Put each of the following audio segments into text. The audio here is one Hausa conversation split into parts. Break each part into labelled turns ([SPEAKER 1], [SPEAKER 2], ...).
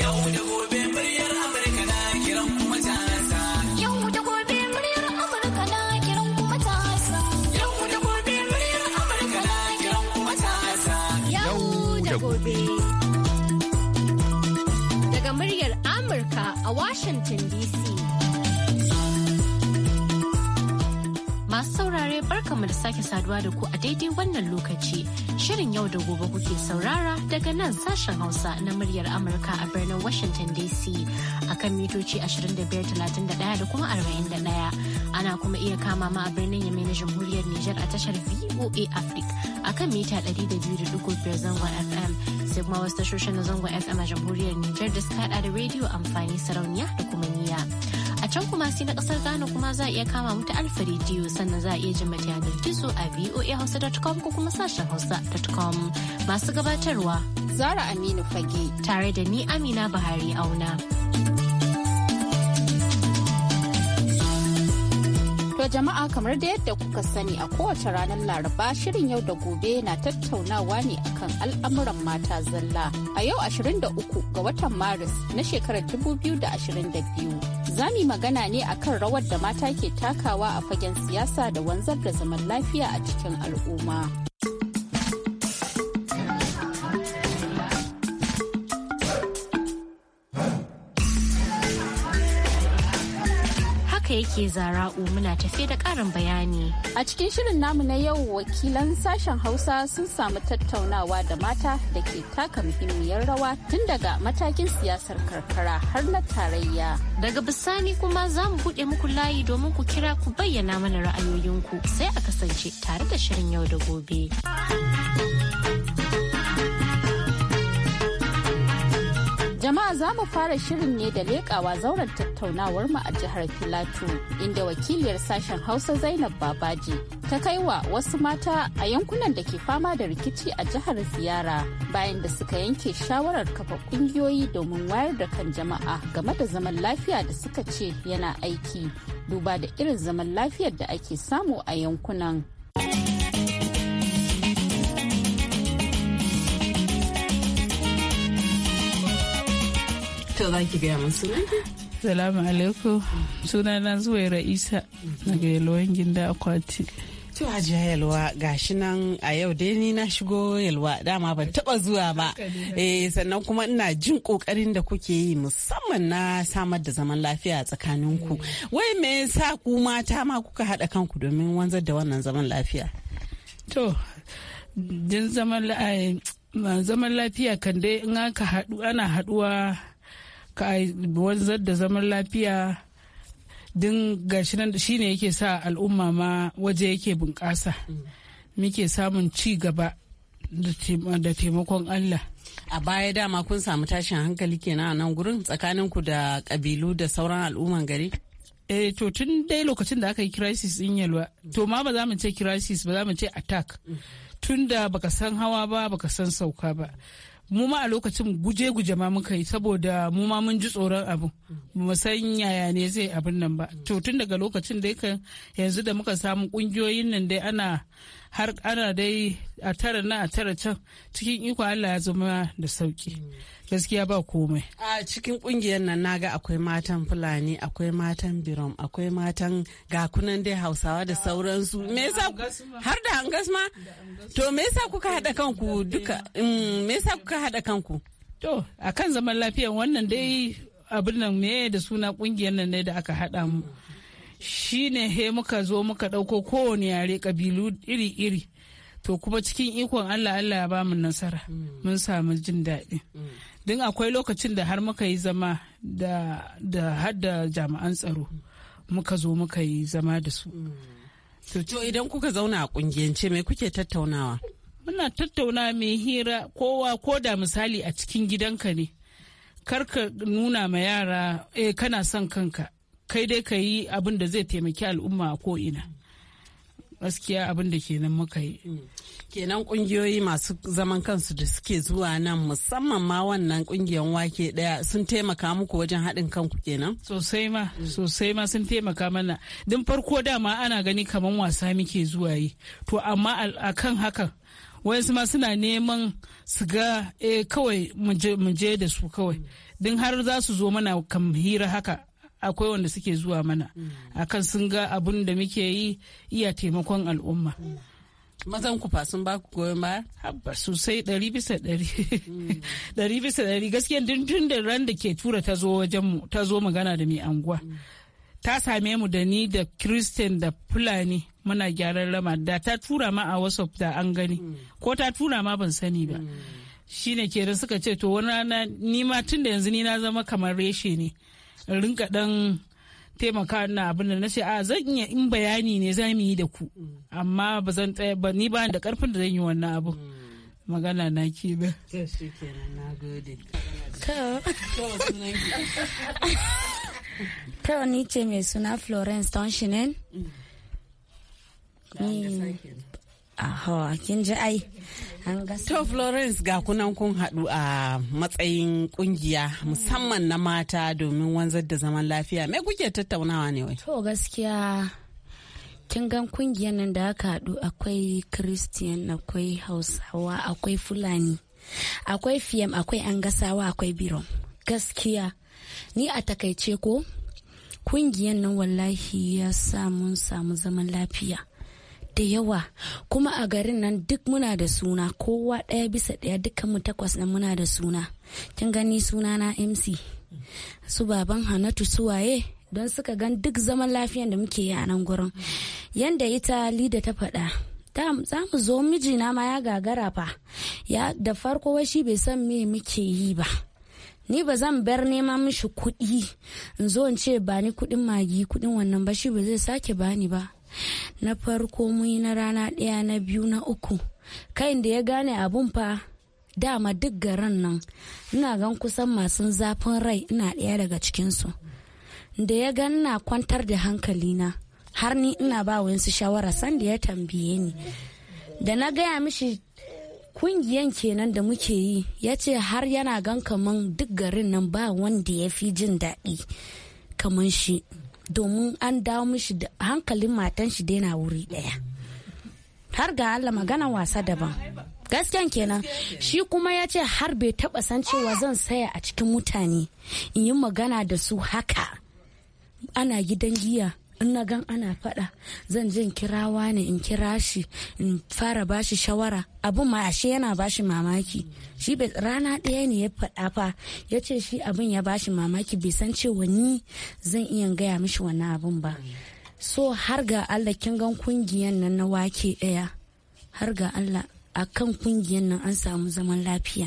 [SPEAKER 1] Yau da gobe muryar Amurka na kiran Yau da gobe muryar Amurka na kiran
[SPEAKER 2] Yau
[SPEAKER 3] da gobe muryar Amurka na kiran Yau da gobe. Daga muryar Amurka a Washington DC. Masu saurare barkamu da sake saduwa da ku a daidai wannan lokaci. Shirin yau da gobe kuke saurara daga nan sashen Hausa na muryar Amurka a birnin Washington DC akan mitoci 2531 da kuma 41. Ana kuma iya kama ma a birnin Yamai na Jamhuriyar Nijar a tashar VOA Africa akan mita 200.5 zangon FM sigma wasu tashoshin na zangon FM a Jamhuriyar Nijar da suka da rediyo amfani sarauniya da can kuma sai na kasar Ghana kuma za a iya kama mu ta alfa rediyo sannan za a iya jin mata yanar gizo a voahausa.com ko kuma sashen hausa.com masu gabatarwa. Zara Aminu Fage. Tare da ni Amina bahari Auna.
[SPEAKER 4] To jama'a kamar da yadda kuka sani a kowace ranar Laraba shirin yau da gobe na tattaunawa ne akan al'amuran mata zalla. A yau 23 ga watan Maris na shekarar 2022. za mu yi magana ne a kan rawar da mata ke takawa a fagen siyasa da wanzar da zaman lafiya a cikin al'umma.
[SPEAKER 3] ke zara'u muna tafe da ƙarin bayani. A
[SPEAKER 4] cikin shirin namu na yau wakilan sashen Hausa sun samu tattaunawa da mata da ke taka muhimmiyar rawa tun daga matakin siyasar karkara har na tarayya.
[SPEAKER 3] Daga bisani kuma za mu buɗe muku layi domin ku kira ku bayyana mana ra'ayoyinku sai a kasance tare da shirin yau da gobe.
[SPEAKER 4] za mu fara shirin ne da leƙawa zauren tattaunawar mu a jihar Filato inda wakiliyar sashen Hausa Zainab Babaji ta kai wa wasu mata a yankunan da ke fama da rikici a jihar ziyara bayan da suka yanke shawarar kafa kungiyoyi domin wayar da kan jama'a game da zaman lafiya da suka ce yana aiki duba da irin zaman lafiyar da ake samu a yankunan.
[SPEAKER 5] To za ki gaya masu Salamu alaikum. Isa daga Yalwan Ginda Akwati.
[SPEAKER 6] To Hajiya Yalwa gashi nan a yau dai ni na shigo Yalwa dama ban taba zuwa ba. Eh sannan kuma ina jin kokarin da kuke yi musamman na samar da zaman lafiya a tsakanin ku. Wai me yasa ku mata ma kuka haɗa kanku domin wanzar da wannan zaman lafiya?
[SPEAKER 5] To din eh, zaman lafiya kan dai in aka haɗu ana haɗuwa ka wanzar da zaman lafiya din gashi nan shine yake sa al'umma ma waje yake bunƙasa muke samun ci gaba da taimakon Allah.
[SPEAKER 6] A baya dama kun samu tashin hankali kenan a nan gurin tsakanin ku da kabilu da
[SPEAKER 5] sauran al'umman gari? Eh to tun dai lokacin da aka yi crisis in yalwa to ma ba za mu ce crisis ba za mu ce attack mm. tun da baka san hawa ba baka san sauka ba mu ma a lokacin guje-guje ma muka yi saboda mu ma mun ji tsoron abu mu san yaya ne zai abin nan ba to tun daga lokacin da yanzu da muka samu kungiyoyin nan dai ana har ana dai a tara na a tara can cikin iko Allah ya zama da sauki gaskiya ba komai a cikin kungiyar nan naga akwai matan
[SPEAKER 6] fulani akwai matan birom akwai matan gakunan dai hausawa da sauransu me yasa
[SPEAKER 5] har da angasma to mm, me yasa kuka hada kanku duka me yasa kuka hada kanku to akan zaman lafiya wannan dai abin nan me da suna kungiyar nan ne da aka hada mu shine he muka zo muka ɗauko kowane yare kabilu iri-iri to kuma cikin ikon Allah Allah ya bamu nasara mm. mun samu jin daɗi mm. don akwai lokacin da har muka yi zama da har da jami'an tsaro mm. muka zo muka yi zama da su to idan kuka zauna a
[SPEAKER 6] ƙungiyance, mai kuke tattaunawa
[SPEAKER 5] muna tattauna mai hira kowa ko da misali a cikin gidanka ne karka nuna ma yara eh kana son kanka kai dai ka yi abin da zai taimaki al'umma ko ina gaskiya abin da kenan muka yi kenan kungiyoyi masu zaman kansu da suke zuwa nan musamman ma wannan kungiyan wake daya sun taimaka muku wajen haɗin kanku kenan sosai ma mm. sosai ma sun taimaka mana din farko dama ana gani kamar wasa muke zuwa yi to amma akan hakan wayansu ma suna neman su ga eh, kawai muje je da su kawai din har za su zo mana kam hira haka akwai wanda suke zuwa mana mm. akan sun ga abun da muke yi iya taimakon al'umma mm. mazan kufa sun ba ku goyon baya? Habba sosai ɗari bisa ɗari. Mm. Ɗari bisa ɗari gaskiya dindin da ran da ke tura ta zo wajen mu ta zo magana da mai anguwa. Ta same mu da ni da Kristen da Fulani muna gyaran rama da ta tura ma a wasu da an gani ko ta tura ma ban sani ba. Shine kenan suka ce to wani rana ni ma tun da yanzu ni na zama kamar reshe ne. rinka dan taimaka na abin da na ce a ah, zan iya in bayani ne za mu yi da ku amma ba zan tsaya ba ni ba da karfin da zan yi wannan abu magana na ke ba
[SPEAKER 2] kawai ni ce mai suna florence tonshinen mm.
[SPEAKER 6] Aho, kin ji ai. To Florence ga kunan kun haɗu a matsayin ƙungiya musamman na mata domin wanzar da zaman lafiya. Me kuke tattaunawa ne wai?
[SPEAKER 2] To gaskiya kin gan kungiyar nan da aka haɗu akwai Christian, akwai Hausawa, akwai Fulani, akwai Fiyam, akwai Angasawa, akwai Birom. Gaskiya ni a takaice ko kungiyar nan wallahi ya sa mun samu zaman lafiya. da yawa kuma a garin nan duk muna da suna kowa ɗaya bisa ɗaya dukkan mu takwas nan muna da suna kin gani suna na mc su baban hanatu waye don suka gan duk zaman lafiyan da muke yi a nan gurin yanda ita lida ta faɗa za mu zo mijina ma ya gagara fa ya da farko wai shi bai san me muke yi ba ni ba zan bar neman mishi kuɗi in zo in ce ba ni kuɗin magi kuɗin wannan ba shi ba zai sake bani ba na farko muyi na rana ɗaya na biyu na uku kai da ya gane abun fa dama duk garin nan ina gan kusan masu zafin rai ina ɗaya daga cikinsu da ya gan na kwantar da hankalina har ni ina ba wayansu shawara san da ya tambaye ni da na gaya mishi kungiyan kenan da muke yi ya ce har yana gan kaman duk garin nan ba wanda ya fi jin daɗi kaman shi domin an dawo mishi da hankalin matan shi daina wuri daya har ga Allah magana wasa daban gasken kenan shi kuma ya ce har bai taba san cewa zan saya a cikin mutane in yi magana da su haka ana gidan giya in na gan ana faɗa zan jin kirawa ne in kira shi in fara bashi shawara abun ma ashe yana bashi mamaki shi rana ɗaya ne ya faɗa fa ya ce shi abin ya bashi mamaki bai san cewa ni zan iya gaya mishi wannan abun ba so har ga allah kin gan kungiyan nan na wake ɗaya har ga allah a kan kungiyan nan an samu zaman lafiya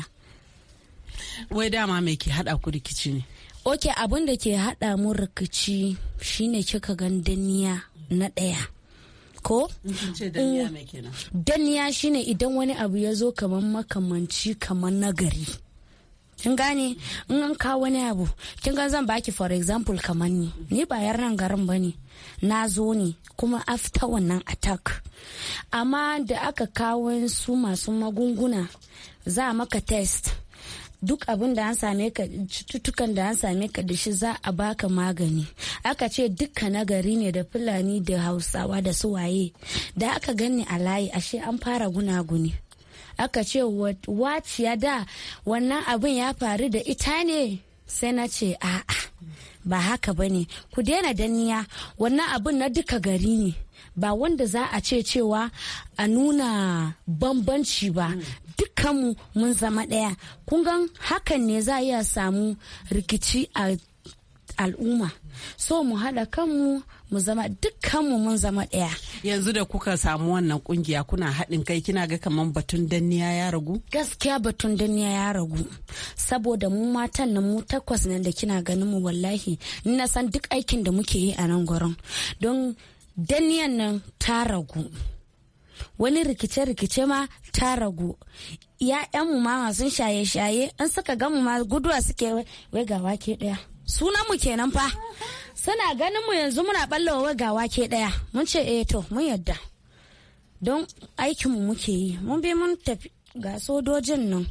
[SPEAKER 6] wai dama mai ke haɗa ku rikici ne
[SPEAKER 2] ok abin da ke hada mu rikici shine kika gan danniya na ɗaya ko? Mm. danniya shine idan wani abu ya zo kamar makamanci kamar nagari kin gane in an ka wani abu kin ga zan baki for example kamar ni ni ba yaran garin bane na zo ne kuma after wannan attack amma da aka kawo su masu magunguna za maka test duk abin da an same ka cututtukan da an same ka da shi za a baka magani aka ce dukka nagari ne da fulani da hausawa da su waye da aka gani a layi ashe an fara gunaguni aka ce waciya da wannan abin ya faru da ita ne sai na ce a'a ba haka ba ne ku daina danniya wannan abin na duka gari ne ba wanda za a ce cewa a nuna bambanci ba hmm. dukkanmu mun zama ɗaya kungan hakan ne za a iya samu rikici a al'umma so mu haɗa kanmu mu zama dukkanmu mun zama ɗaya.
[SPEAKER 6] Yanzu da kuka samu wannan kungiya kuna haɗin kai kina ga kaman batun danniya ya ragu? Gaskiya batun danniya ya ragu.
[SPEAKER 2] Saboda mu matan nan mu takwas nan da kina ganin mu wallahi na san duk aikin da muke yi a nan gurin. Don daniyan nan ta ragu wani rikice-rikice ma ta ragu mu ma masu shaye-shaye an suka gamu ma guduwa suke wai ga wake ɗaya sunanmu kenan fa suna ganin mu yanzu muna ɓallawa wai ga wake daya mun ce eh to mun yadda don mu muke yi mun bi mun tafi ga sojojin nan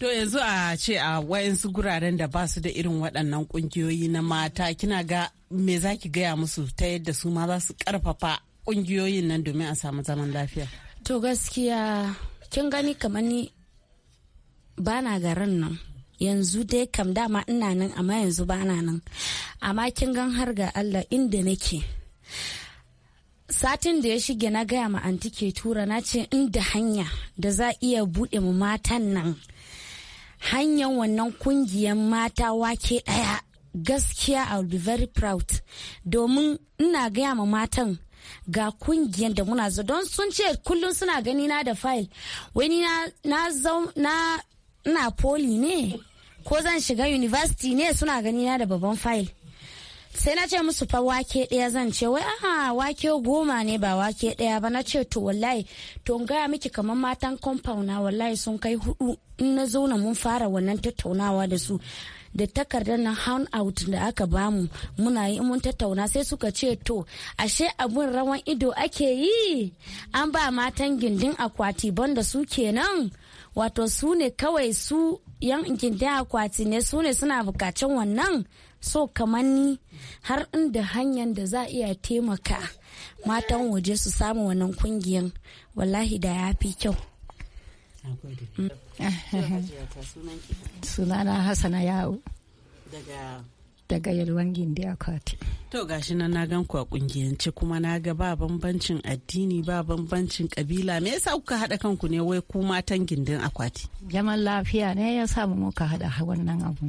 [SPEAKER 6] To yanzu a ce a wayansu guraren da ba su da irin waɗannan ƙungiyoyi na mata kina ga me za ki gaya musu ta yadda su ma za su karfafa kungiyoyin nan domin a samu zaman lafiya
[SPEAKER 2] to gaskiya kin gani kamar ni ba na garin nan yanzu dai kam dama ina nan amma yanzu ba na nan amma kin gan har ga allah inda nake satin da ya shige na gaya ma anti ke tura na ce inda hanya da za iya buɗe mu matan nan hanyar wannan kungiyar mata wake ɗaya gaskiya i will be very proud domin ina gaya ma matan ga kungiyar da muna zo don sun ce kullum suna gani na da file wani na na na poli ne ko zan shiga university ne suna gani na da babban file sai na ce musu fa wake daya zan ce wai aha wake goma ne ba wake daya ba na ce to wallahi to gaya miki kamar matan compound na wallahi sun kai hudu in na zauna mun fara wannan tattaunawa da su da takardar na hand out da aka bamu muna yi mun tattauna sai suka ce to ashe abun rawan ido ake yi an ba matan gindin akwati banda su kenan wato su ne kawai su yan gindin akwati ne su ne suna bukacin wannan so kamar ni har inda hanyar da za iya taimaka matan waje su samu wannan kungiyan wallahi da ya fi kyau
[SPEAKER 6] sunana hassana
[SPEAKER 7] yawo daga yalwan gindi akwati
[SPEAKER 6] to gashi nan na gan ku a kungiyance kuma na ga ba bambancin addini ba bambancin kabila me yasa kuka haɗa kanku ne wai ku matan gindin akwati
[SPEAKER 7] zaman lafiya ne ya samu muka haɗa wannan abu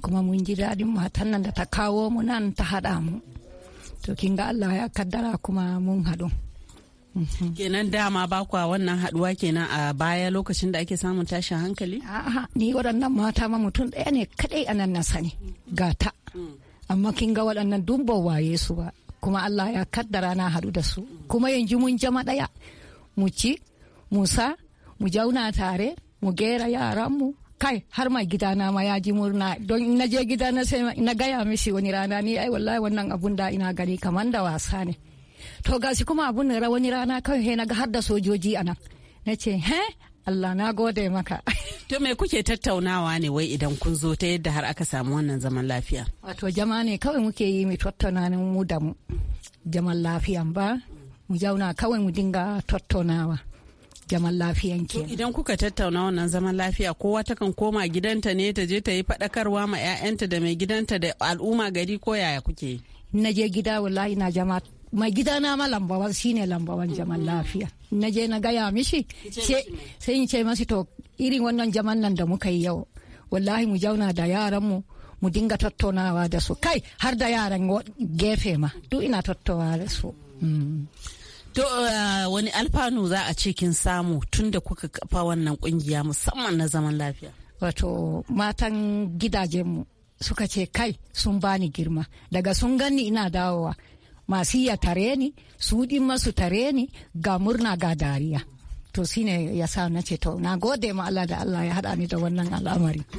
[SPEAKER 7] kuma mun ji daɗin matan nan da ta kawo mu nan ta haɗa mu to kin ga Allah ya kaddara kuma mun haɗu
[SPEAKER 6] kenan dama ba kwa wannan haduwa kenan a baya lokacin da ake samun tashin hankali
[SPEAKER 7] a'a ni waɗannan mata ma mutum ɗaya ne kadai a nan na sani gata mm. amma kin ga waɗannan dun waye su ba kuma Allah ya kaddara na hadu da su kuma yanzu mun jama ɗaya mu ci mu mu jauna tare mu gera yaran mu kai har ma gidana ma ya ji murna don na je gidana na gaya mishi wani rana ni ai wallahi wannan abun da ina gani kamar da wasa ne to shi kuma abun ra wani rana kan he naga har da sojoji Na ce he Allah na gode maka
[SPEAKER 6] to me kuke tattaunawa ne wai idan kun zo ta yadda har aka samu wannan zaman lafiya
[SPEAKER 7] wato jama'a ne kawai muke yi mu tattauna mu da mu jaman lafiyan ba mu jauna kawai mu dinga tattaunawa zaman lafiyan ke.
[SPEAKER 6] Idan kuka tattauna wannan zaman lafiya kowa kan koma gidanta ne ta je ta yi faɗakarwa ma 'ya'yanta da mai gidanta da al'umma gari ko yaya kuke?
[SPEAKER 7] Na je gida wallahi na jama mai gidana ma lambawan ne lambawan zaman mm-hmm. lafiya na je na gaya mishi sai in ce masu to irin wannan jaman nan da muka yi yau wallahi mu jauna da yaran mu mu dinga tattaunawa da su kai har da yaran gefe ma duk ina tattaunawa da su mm.
[SPEAKER 6] To eh, wani alfanu za a ce kin samu tun da kuka kafa wannan kungiya musamman na zaman lafiya?
[SPEAKER 7] Wato matan mu suka ce kai sun bani girma daga sun gani ina dawowa masu iya tare ni su din masu tare ni ga murna ga dariya to shine ya sa na ce to na gode ma Allah da Allah ya hada ni da wannan al'amari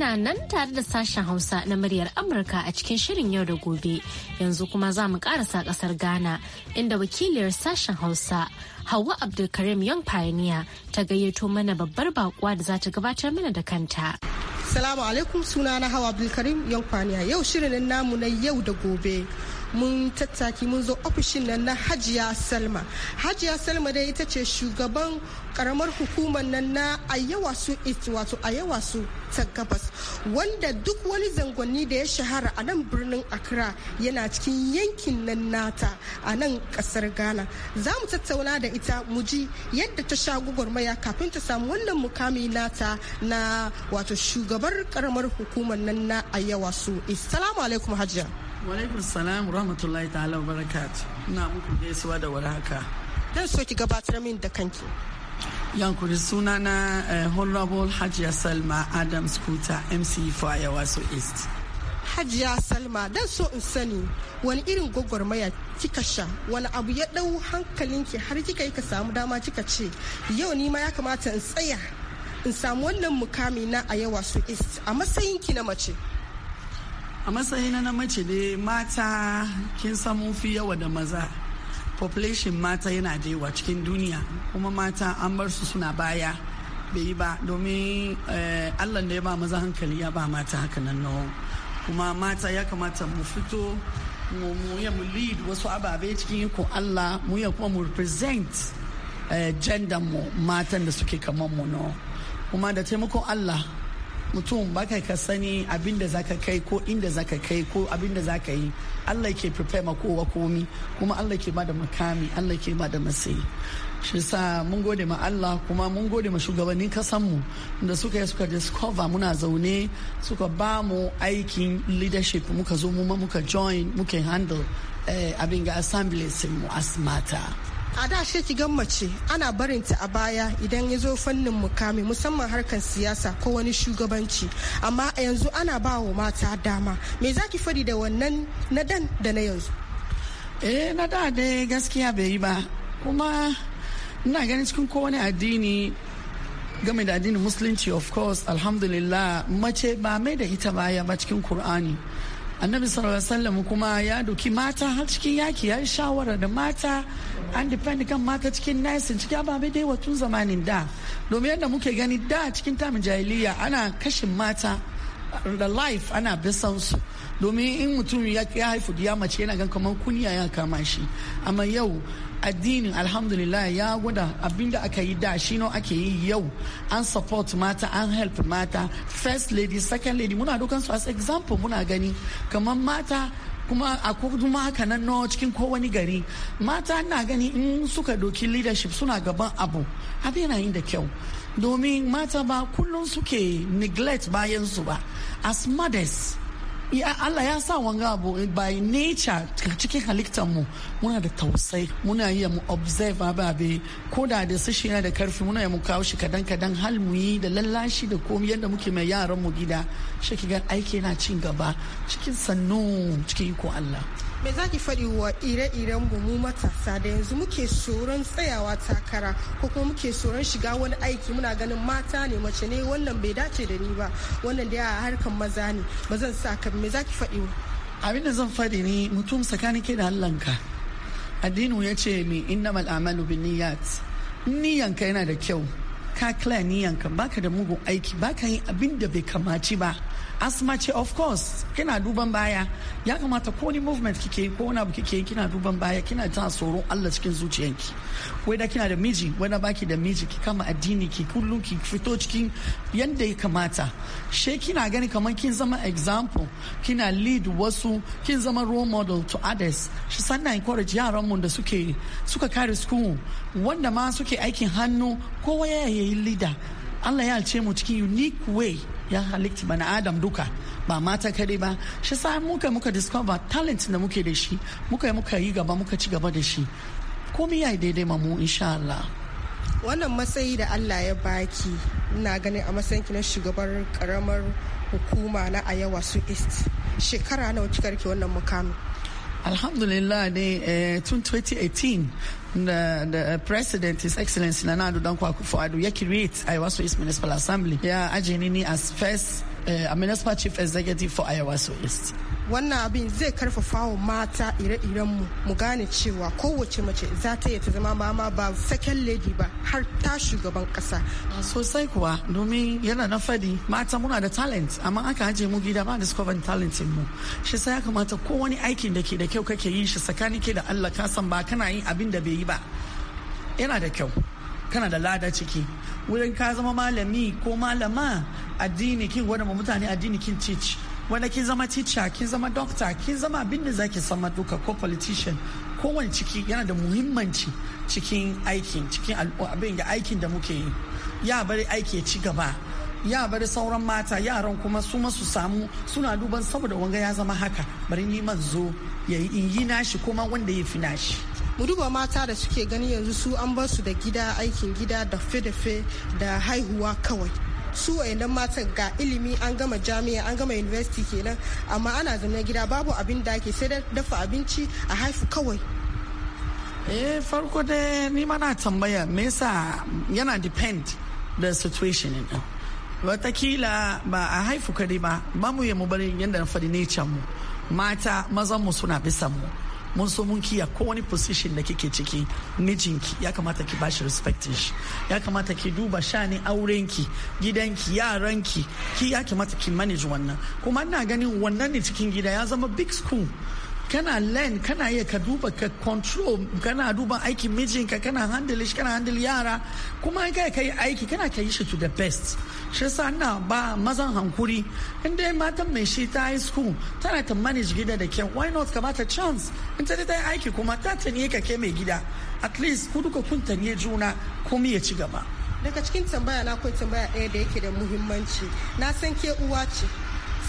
[SPEAKER 3] kuna nan tare da sashen Hausa na muryar Amurka a cikin shirin yau da gobe. Yanzu kuma za mu karasa kasar Ghana inda wakiliyar sashen Hausa Hauwa Abdulkarim Young
[SPEAKER 8] Pioneer ta gayyato mana babbar bakuwa da za ta gabatar mana da kanta. Salamu alaikum suna na Hawa Abdulkarim Young Pioneer yau shirin namu na yau da gobe. mun tattaki mun zo ofishin nan na hajiya salma hajiya salma dai ita ce shugaban karamar hukumar nan na ayyawa su east wato ayyawa su ta gabas wanda duk wani zangonni da ya shahara a nan birnin accra yana cikin yankin nan nata a nan kasar ghana za mu tattauna da ita mu ji yadda ta sha gwagwarmaya kafin ta samu wannan mukami nata na wato shugabar karamar hukumar nan na ayyawa su east salamu alaikum hajiya
[SPEAKER 1] Walaikun salam rahmatullahi
[SPEAKER 8] ta'ala wa barakat. Ina muku gaisuwa da warhaka. Dan so ki gabatar min da kanki.
[SPEAKER 1] Yankuri suna na eh, Honorable Hajiya Salma Adams Kuta MC for Ayawaso East.
[SPEAKER 8] Hajiya Salma dan so in sani wani irin gwagwarmaya kika sha wani abu ya dau hankalinki har kika yi ka samu dama kika ce yau ni ma ya kamata in tsaya in samu wannan mukami na su East a matsayinki na mace. a matsayin na mace ne mata kin
[SPEAKER 1] san mun fi yawa da maza population mata yana da yawa cikin duniya kuma mata an bar su suna baya bai yi ba domin eh, allah da ya ba maza hankali ya ba mata haka nan kuma mata ya kamata mu fito mu ya mu lead wasu ababe cikin ko allah mu ya kuma mu represent eh, gender mu matan da suke kamar mu na kuma da taimakon allah mutum baka ka sani abin da zaka kai ko inda zaka kai ko abin da zaka yi Allah ke prepare ma kowa komi kuma Allah ke ba da makami Allah ke ba da masayi shi sa mun gode ma Allah kuma mun gode ma shugabannin kasanmu da suka yi suka discover muna zaune suka ba mu aikin leadership muka zo mu muka join muka handle eh, abin ga assemblies mu asmata. a
[SPEAKER 8] da she ki gan mace ana barin ta a baya idan ya zo fannin mukami musamman harkar siyasa ko wani shugabanci amma a yanzu ana ba wa mata dama me za ki fadi da wannan na dan da na yanzu eh na da ne gaskiya bai yi ba kuma ina ganin cikin
[SPEAKER 1] kowane addini game da addinin musulunci of course alhamdulillah mace ba mai da ita baya ba cikin kur'ani annabi sallallahu alaihi wasallam kuma ya doki mata har cikin yaki ya yi shawara da mata an depend kan mata cikin nice cikin ababe dai watun zamanin da domin yadda muke gani da cikin tamin jahiliya ana kashin mata da life ana bisan su domin in mutum ya haifu ya mace yana gan kamar kunya ya kama shi amma yau addinin alhamdulillah ya gwada abinda aka yi da shi ake yi yau an support mata an help mata first lady second lady muna dukan su as example muna gani kamar mata kuma a kuma haka nan nawa cikin kowani gari mata na gani in suka doki leadership suna gaban abu abin yana yin da kyau domin mata ba kullum suke neglect bayan su ba as mothers Allah ya sa wanga abu eh, by nature cikin halittar mu muna da tausai muna yi mu observe ababe ko da da sashi yana da karfi muna mu kawo shi kadan kadan hal mu yi da lallashi da komai yadda muke mai yaran mu gida shi ga aiki yana cin gaba cikin sannu cikin iko Allah
[SPEAKER 8] me zaki faɗi wa ire-iren mu matasa da yanzu muke tsoron tsayawa takara ko kuma muke tsoron shiga wani aiki muna ganin mata ne mace ne wannan bai dace da ni ba wannan da ya harkan maza ne ba zan sa ka me zaki faɗi wa abin da zan faɗi ne mutum tsakanin ke
[SPEAKER 1] da Allahnka addinu ya ce mi innamal a'malu binniyat niyanka yana da kyau ka kila niyan ba baka da mugun aiki baka yin abin da bai kamaci ba asma ce of course kina duban baya ya kamata ko ni movement kike ko wani abu kike kina duban baya kina ta tsoron Allah cikin zuciyanki wai da kina da miji wanda baki da miji ki kama addini ki kullun ki fito cikin yanda ya kamata she kina gani kamar kin zama example kina lead wasu kin zama role model to others shi sannan encourage yaran mu da suke suka kare school wanda ma suke aikin hannu kowa ya yi leader Allah ya ce mu cikin unique way ya halitta bana adam duka ba mata kadai ba shi sa muka muka discover talent da muke da shi muka muka yi gaba muka ci gaba da shi komai yi daidai ma mu insha Allah
[SPEAKER 8] wannan matsayi da Allah ya baki ina ganin a matsayin ki na shugabar karamar hukuma na Ayawa su East shekara nawa kika rike wannan mukamin
[SPEAKER 1] alhamdulillah ne eh, tun 2018 the, the uh, president, His Excellency Nana Adu Danko Akufo-Addo, ya create Iowa East Municipal Assembly Yeah, aje nini as first uh, municipal chief executive for Iowa East.
[SPEAKER 8] wannan abin zai karfafa wa mata ire iren mu mu gane cewa kowace mace za ta yi ta zama mama ba second lady ba har ta shugaban kasa sosai kuwa domin yana na fadi mata muna da talent amma
[SPEAKER 1] aka haje mu gida ba discover talent mu shi sai ya kamata ko wani aikin da ke da kyau kake yin shi tsakanin ke da Allah ka san ba kana yin abin da bai yi ba yana da kyau kana da lada ciki wurin ka zama malami ko malama addini kin wani mutane addini kin cici wanda kin zama teacher kin zama doctor kin zama abin da zaki san duka ko politician kowane ciki yana da muhimmanci cikin aikin cikin abin da aikin da muke yi ya bari aiki ya ci gaba ya bari sauran mata yaran kuma su masu samu suna duban saboda wanga ya zama haka bari ni man zo ya yi nashi
[SPEAKER 8] kuma wanda ya fi nashi mu duba mata da suke gani yanzu su an bar su da gida aikin gida da dafe da haihuwa kawai su wayannan matan ga ilimi an gama jami'a an gama university kenan amma ana zaune gida babu abin da ake sai dafa abinci a haifu kawai eh
[SPEAKER 1] farko dai ni mana tambaya me yasa yana depend the situation in watakila ba a haifu kare ba ba mu yi mu bari yadda na faɗi mu mata mazan mu suna bisa mu mun so mun kiya ko wani position da kike ciki mijinki ya kamata ki bashi respectin shi ya kamata ki duba shani aurenki gidanki yaranki ki ya kamata ki manage wannan kuma ina ganin wannan ne cikin gida ya zama big school kana learn kana iya ka duba ka control kana duba aikin mijinka kana handle shi kana handle yara kuma kai ka yi aiki kana ka yi shi to the best shi yasa ina ba mazan hankuri in dai matan mai shi ta high school tana ta manage gida da kyau why not ka bata chance in ta ta yi aiki kuma ta taniye ka ke mai gida at least ku duka kun taniye juna kuma ya ci
[SPEAKER 8] gaba daga cikin tambaya na akwai tambaya ɗaya da yake da muhimmanci na san ke uwa ce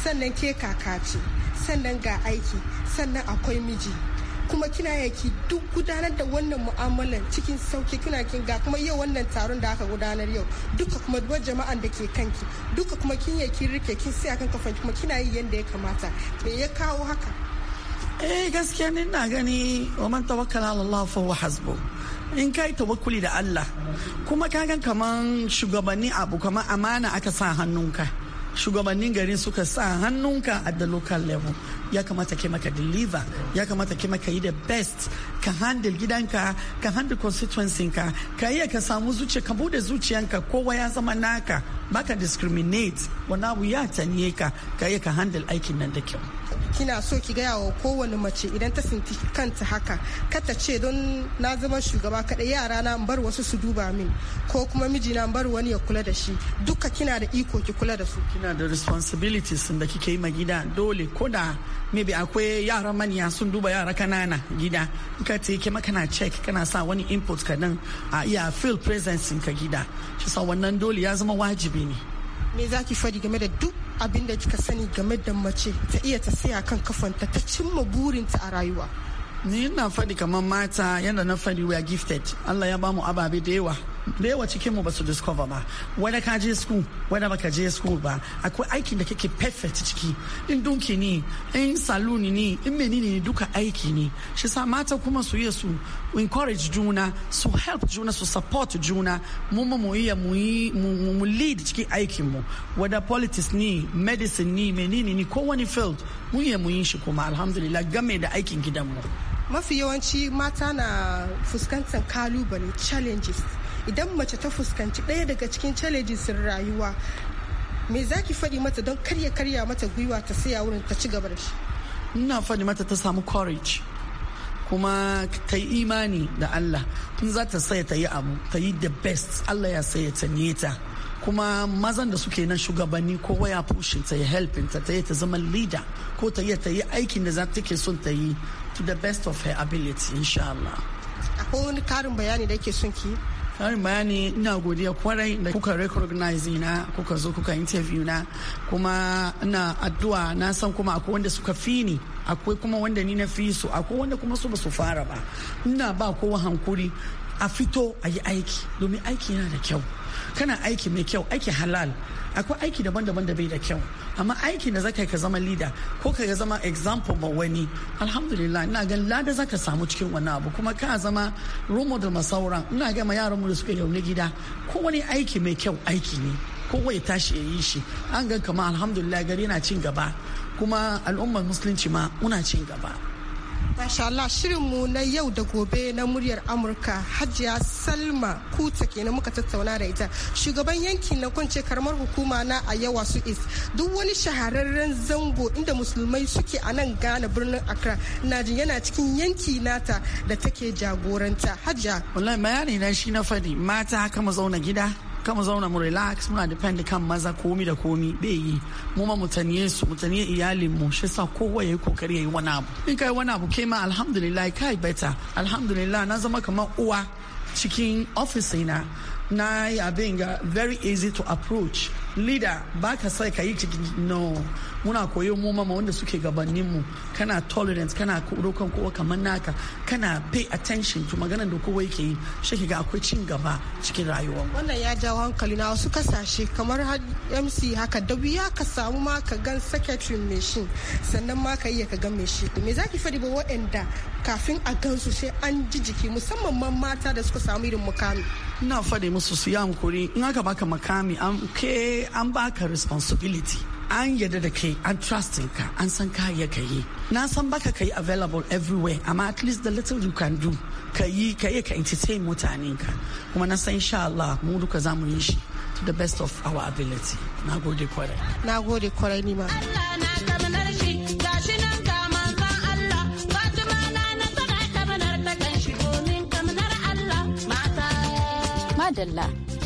[SPEAKER 8] sannan ke kaka ce sannan ga aiki sannan akwai miji kuma kina yaki duk gudanar da wannan mu'amalan cikin sauki kina kin ga kuma yau wannan taron da aka gudanar yau duka kuma duwar jama'an da ke kanki duka kuma kin yaki rike kin sai akan kafan kuma kina yi yanda ya kamata me ya kawo haka eh gaskiya ni na gani
[SPEAKER 1] wa man tawakkala ala Allah fa huwa hasbu in kai tawakkuli da Allah kuma kagan kaman shugabanni abu kaman amana aka sa hannunka shugabannin garin suka sa hannunka at the local level ya kamata ke maka deliver ya kamata ke maka yi the best ka handle gidanka ka handle constituency ka ka iya ka samu zuciya ka bude zuciyanka kowa ya zama naka baka discriminate wani abu ya tanye ka ka iya ka handle aikin nan da kyau
[SPEAKER 8] kina so ki gaya wa kowane mace idan ta sinti kanta haka kata ce don na zama shugaba kaɗai yara na bar wasu su duba min ko kuma mijina bar wani ya kula da shi duka kina da iko ki kula da su
[SPEAKER 1] kina da responsibilities da kike yi ma gida dole ko da maybe akwai yara manya sun duba yara kanana gida ka teke na check kana sa wani input ka nan a iya feel presence ka gida shi sa wannan dole ya zama wajibi ne
[SPEAKER 8] me za ki faɗi game da duk abin da kika sani game da mace ta iya ta saya kan kafanta ta cimma burinta a rayuwa
[SPEAKER 1] ni ina faɗi kamar mata yadda na fadi we are gifted Allah ya bamu ababe da yawa da yawa cikin mu ba su discover ba wani ka je school wani baka je school ba akwai aikin da kake perfect ciki in dunki ne in saloon ne in menene ne duka aiki ne shi sa mata kuma su yi su encourage juna su help juna su support juna mu mu iya mu lead cikin aikin mu wanda politics ne medicine ne menene ne ko wani field mu iya mu yin shi kuma alhamdulillah game da aikin gidan mu
[SPEAKER 8] mafi yawanci mata na fuskantar kalubale challenges idan mace ta fuskanci ɗaya daga cikin challenges rayuwa me za ki faɗi mata don karya karya mata gwiwa ta saya wurin ta ci gaba da shi ina faɗi mata ta samu courage
[SPEAKER 1] kuma ta yi imani da Allah tun za ta saya ta yi abu ta yi the best Allah ya saya ta kuma mazan da suke nan shugabanni ko waya fushe ta yi helping ta ta yi ta zama leader ko ta yi ta yi aikin da za ta ke son ta yi to the best of her ability insha
[SPEAKER 8] akwai wani karin bayani da ke son ki har bayani ina
[SPEAKER 1] godiya kwarai da kuka recognize na kuka zo kuka interview na kuma ina addu'a na san kuma akwai wanda suka fi ni akwai kuma wanda ni na fi su akwai wanda kuma su ba su fara ba ina ba kowa hankuri a fito a yi aiki domin aiki yana da kyau kana aiki mai kyau aiki halal akwai aiki daban-daban da bai da kyau amma aiki da zaka ka zama leader ko ka zama example ba wani alhamdulillah ina ga lada zaka samu cikin wannan abu kuma ka zama role model masauran ina ga ma yaran mu da suke da gida ko wani aiki mai kyau aiki ne ko wai tashi yayi shi an ga kamar alhamdulillah gari
[SPEAKER 8] na cin gaba kuma al'ummar musulunci ma muna cin gaba Masha Allah shirinmu na yau da gobe na muryar Amurka Hajiya Salma Kuta kenan muka tattauna da ita shugaban yanki na kwance karamar hukuma na Ayawa su East duk wani shahararren zango inda musulmai suke a nan Ghana birnin Accra na jin yana cikin yanki nata da take jagoranta Hajiya wallahi bayani na shi na fadi mata haka mu zauna
[SPEAKER 1] gida kan mu zauna mu relax muna depend kan maza komi da komi bai yi mu ma mutane su mutane iyalin mu shi sa kowa yayi kokari yayi wani abu in kai wani abu kai ma alhamdulillah kai beta alhamdulillah na zama kamar uwa cikin ofisina na yi abin ga very easy to approach leader ba ka sai ka yi no muna koyo mu mama wanda suke gabanin mu kana tolerance kana rokan kowa kamar naka kana pay attention to maganar da kowa yake yi shi ga akwai cin gaba cikin rayuwa
[SPEAKER 8] wannan ya jawo hankali na wasu kasashe kamar MC haka da wuya ka samu ma ka gan secretary machine sannan ma ka iya ka gan machine me zaki fadi ba waɗanda kafin a gan su sai an ji jiki musamman man mata da suka samu irin mukami ina faɗi musu su
[SPEAKER 1] yi hankuri in aka baka mukami an ke an baka responsibility an yadda da kai an trusting ka an san ka ya ka na san baka ka yi available everywhere amma at least the little you can do ka yi ka yi ka entertain mutane ka kuma na san insha Allah mu duka za mu yi shi to the best of our ability na gode kwarai
[SPEAKER 8] na gode kwarai ni ma Allah
[SPEAKER 6] na shi nan Allah
[SPEAKER 4] Fatima madalla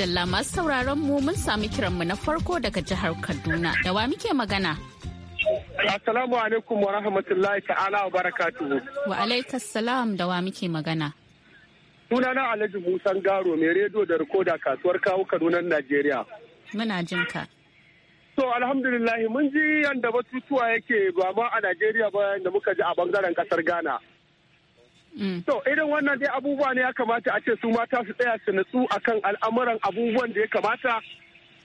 [SPEAKER 4] madalla masu sauraron mu mun sami kiranmu na farko daga jihar Kaduna. Da wa muke magana?
[SPEAKER 9] Assalamu alaikum wa rahmatullahi ta'ala wa barakatuhu.
[SPEAKER 4] Wa alaikas salam da wa muke magana?
[SPEAKER 9] Sunana Alhaji Musan Garo mai rediyo da rikoda kasuwar kawo Kaduna Najeriya.
[SPEAKER 4] Muna jin ka.
[SPEAKER 9] So alhamdulillah mun ji yanda batutuwa yake ba ma a Najeriya ba da muka ji a bangaren kasar Ghana. Mm. To irin wannan dai abubuwa ne ya kamata a ce su mata su tsaya su natsu akan al'amuran abubuwan da ya kamata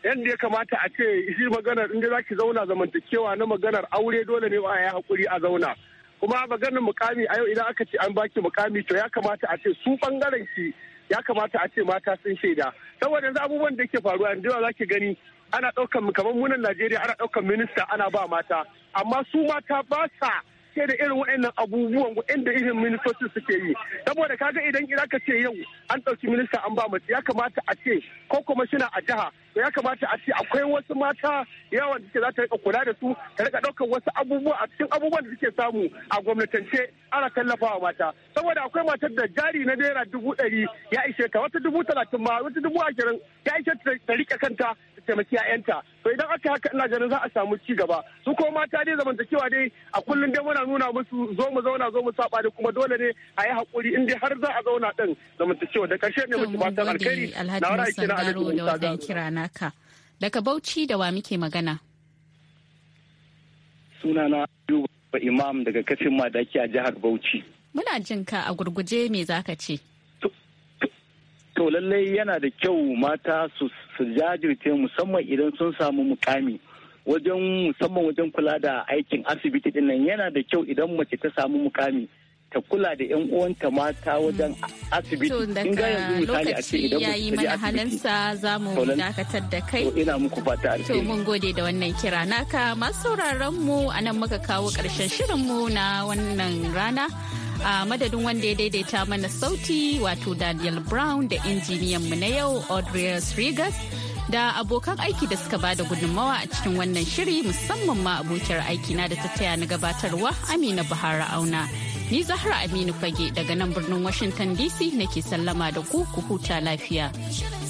[SPEAKER 9] yadda ya kamata a ce shi maganar inda za ki zauna zamantakewa na maganar aure dole ne ya haƙuri a zauna kuma maganar mukami a yau idan aka ce an baki mukami to ya kamata a ce su bangaren ki ya kamata a ce mata sun shaida saboda yanzu abubuwan da ke faruwa yanzu za ki gani ana ɗaukan kamar munan Najeriya ana ɗaukan minista ana ba mata amma su mata ba sa ce da irin waɗannan abubuwan waɗanda irin ministocin suke yi saboda kaga idan ka ce yau an ɗauki minista an ba mace ya kamata a ce ko kuma shina a jiha to ya kamata a ce akwai wasu mata yawan da za ta rika kula da su ta rika ɗaukar wasu abubuwa a cikin abubuwan da suke samu a gwamnatance ana tallafawa mata saboda akwai matar da jari na naira dubu ɗari ya ishe ta wata dubu talatin ma wata dubu ashirin ya ishe ta riƙe kanta taimaki 'ya'yanta to idan aka haka ina ganin za a samu ci gaba su ko mata dai cewa dai a kullum dai muna nuna musu zo mu zauna zo mu saba da kuma dole ne a yi hakuri in dai har za a zauna din cewa da karshe ne mutum fatan alkhairi na wara kira
[SPEAKER 4] da kira naka daga Bauchi da wa muke magana
[SPEAKER 9] sunana Ayuba Imam daga kacin Madaki a jihar Bauchi
[SPEAKER 4] muna jin ka a gurguje me zaka ce
[SPEAKER 9] to lallai yana da kyau mata su jajirce musamman idan sun samu mukami wajen musamman wajen kula da aikin asibiti din nan yana da kyau idan mace ta samu mukami ta kula da yan uwanta mata wajen mm. asibiti in ga yanzu misali a
[SPEAKER 1] mana halinsa
[SPEAKER 4] za mu dakatar da
[SPEAKER 1] kai ina muku fata to
[SPEAKER 4] mun gode da wannan kira naka masu sauraron mu anan muka kawo karshen shirinmu na wannan rana a madadin wanda ya daidaita mana sauti wato Daniel Brown da injiniyan mu na yau Audrius Rigas da abokan aiki da suka bada gudunmawa a cikin wannan shiri musamman ma abokiyar aikina da ta taya na gabatarwa Amina Buhari Auna. Ni Zahra Aminu Fage daga nan birnin Washington DC nake sallama da ku ku huta lafiya.